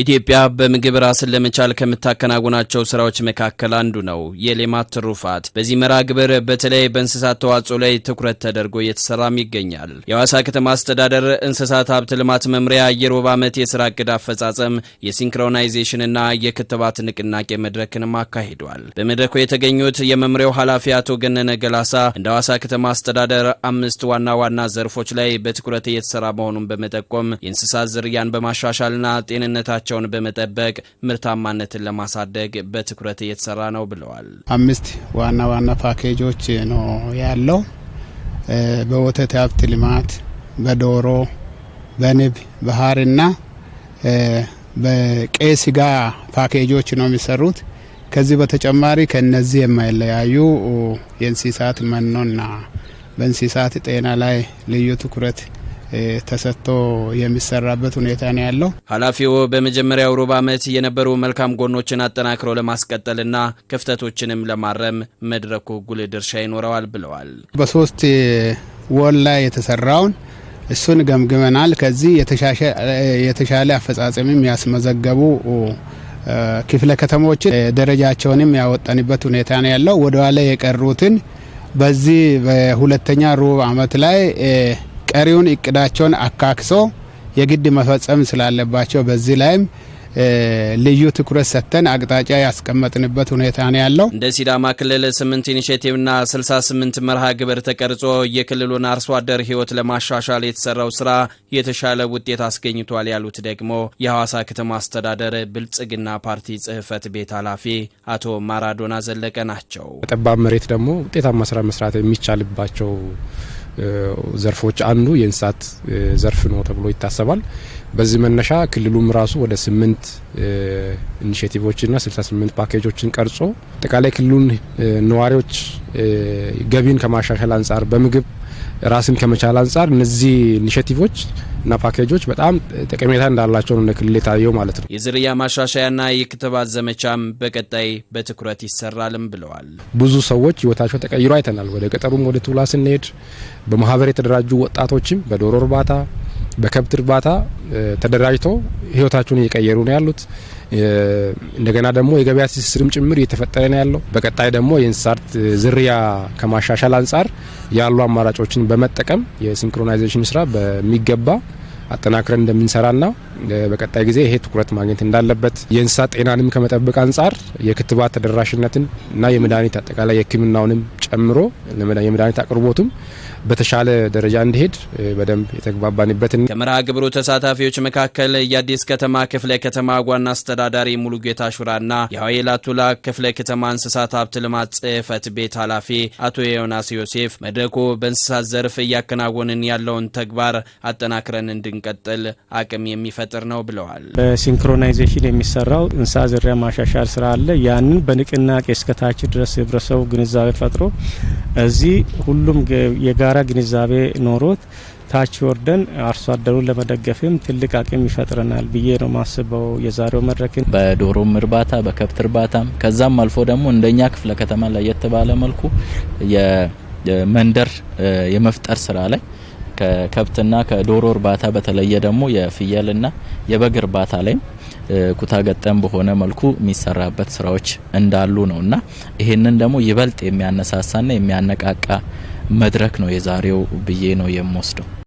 ኢትዮጵያ በምግብ ራስን ለመቻል ከምታከናውናቸው ስራዎች መካከል አንዱ ነው የሌማት ትሩፋት። በዚህ መርሃ ግብር በተለይ በእንስሳት ተዋጽኦ ላይ ትኩረት ተደርጎ እየተሰራም ይገኛል። የሐዋሳ ከተማ አስተዳደር እንስሳት ሀብት ልማት መምሪያ የሩብ ዓመት የስራ እቅድ አፈጻጸም የሲንክሮናይዜሽንና የክትባት ንቅናቄ መድረክንም አካሂዷል። በመድረኩ የተገኙት የመምሪያው ኃላፊ አቶ ገነነ ገላሳ እንደ ሐዋሳ ከተማ አስተዳደር አምስት ዋና ዋና ዘርፎች ላይ በትኩረት እየተሰራ መሆኑን በመጠቆም የእንስሳት ዝርያን በማሻሻልና ጤንነታቸው ጥራታቸውን በመጠበቅ ምርታማነትን ለማሳደግ በትኩረት እየተሰራ ነው ብለዋል። አምስት ዋና ዋና ፓኬጆች ነው ያለው በወተት ሀብት ልማት፣ በዶሮ፣ በንብ፣ በሀርና በቀይ ስጋ ፓኬጆች ነው የሚሰሩት። ከዚህ በተጨማሪ ከነዚህ የማይለያዩ የእንስሳት መኖና በእንስሳት ጤና ላይ ልዩ ትኩረት ተሰጥቶ የሚሰራበት ሁኔታ ነው ያለው። ኃላፊው በመጀመሪያው ሩብ ዓመት የነበሩ መልካም ጎኖችን አጠናክረው ለማስቀጠልና ክፍተቶችንም ለማረም መድረኩ ጉልህ ድርሻ ይኖረዋል ብለዋል። በሶስት ወር ላይ የተሰራውን እሱን ገምግመናል። ከዚህ የተሻለ አፈጻጸምም ያስመዘገቡ ክፍለ ከተሞችን ደረጃቸውንም ያወጣንበት ሁኔታ ነው ያለው። ወደኋላ የቀሩትን በዚህ በሁለተኛ ሩብ ዓመት ላይ ቀሪውን እቅዳቸውን አካክሶ የግድ መፈጸም ስላለባቸው በዚህ ላይም ልዩ ትኩረት ሰጥተን አቅጣጫ ያስቀመጥንበት ሁኔታ ነው ያለው። እንደ ሲዳማ ክልል ስምንት ኢኒሽቲቭና ስምንት መርሃ ግብር ተቀርጾ የክልሉን አርሶ አደር ህይወት ለማሻሻል የተሰራው ስራ የተሻለ ውጤት አስገኝቷል ያሉት ደግሞ የሐዋሳ ከተማ አስተዳደር ብልጽግና ፓርቲ ጽህፈት ቤት ኃላፊ አቶ ማራዶና ዘለቀ ናቸው። ጠባብ መሬት ደግሞ ውጤታማ ስራ መስራት የሚቻልባቸው ዘርፎች አንዱ የእንስሳት ዘርፍ ነው ተብሎ ይታሰባል። በዚህ መነሻ ክልሉም ራሱ ወደ ስምንት ኢኒሽቲቮችና 68 ፓኬጆችን ቀርጾ አጠቃላይ ክልሉን ነዋሪዎች ገቢን ከማሻሻል አንጻር በምግብ ራስን ከመቻል አንጻር እነዚህ ኢኒሽቲቮች እና ፓኬጆች በጣም ጠቀሜታ እንዳላቸው ነው እንደ ክልል የታየው ማለት ነው። የዝርያ ማሻሻያና የክትባት ዘመቻም በቀጣይ በትኩረት ይሰራልም ብለዋል። ብዙ ሰዎች ህይወታቸው ተቀይሮ አይተናል። ወደ ገጠሩም ወደ ቱላ ስንሄድ በማህበር የተደራጁ ወጣቶችም በዶሮ እርባታ በከብት እርባታ ተደራጅተው ህይወታቸውን እየቀየሩ ነው ያሉት። እንደገና ደግሞ የገበያ ትስስርም ጭምር እየተፈጠረ ነው ያለው። በቀጣይ ደግሞ የእንስሳት ዝርያ ከማሻሻል አንጻር ያሉ አማራጮችን በመጠቀም የሲንክሮናይዜሽን ስራ በሚገባ አጠናክረን እንደምንሰራና በቀጣይ ጊዜ ይሄ ትኩረት ማግኘት እንዳለበት የእንስሳት ጤናንም ከመጠበቅ አንጻር የክትባት ተደራሽነትን እና የመድኃኒት አጠቃላይ የሕክምናውንም ጨምሮ የመድኃኒት አቅርቦቱም በተሻለ ደረጃ እንዲሄድ በደንብ የተግባባንበትን። ከመርሃ ግብሩ ተሳታፊዎች መካከል የአዲስ ከተማ ክፍለ ከተማ ዋና አስተዳዳሪ ሙሉጌታ ሹራና የሀዌላ ቱላ ክፍለ ከተማ እንስሳት ሀብት ልማት ጽህፈት ቤት ኃላፊ አቶ ዮናስ ዮሴፍ መድረኩ በእንስሳት ዘርፍ እያከናወንን ያለውን ተግባር አጠናክረን እንድንቀጥል አቅም የሚፈጥር ነው ብለዋል። በሲንክሮናይዜሽን የሚሰራው እንስሳ ዝርያ ማሻሻል ስራ አለ። ያንን በንቅናቄ እስከታች ድረስ ህብረተሰቡ ግንዛቤ ፈጥሮ እዚህ ሁሉም የጋራ ግንዛቤ ኖሮት ታች ወርደን አርሶ አደሩን ለመደገፍም ትልቅ አቅም ይፈጥረናል ብዬ ነው ማስበው። የዛሬው መድረክን በዶሮም እርባታ በከብት እርባታም ከዛም አልፎ ደግሞ እንደኛ ክፍለ ከተማ ለየት ባለ መልኩ የመንደር የመፍጠር ስራ ላይ ከከብትና ከዶሮ እርባታ በተለየ ደግሞ የፍየልና የበግ እርባታ ላይም ኩታ ገጠም በሆነ መልኩ የሚሰራበት ስራዎች እንዳሉ ነው እና ይህንን ደግሞ ይበልጥ የሚያነሳሳና የሚያነቃቃ መድረክ ነው የዛሬው ብዬ ነው የምወስደው።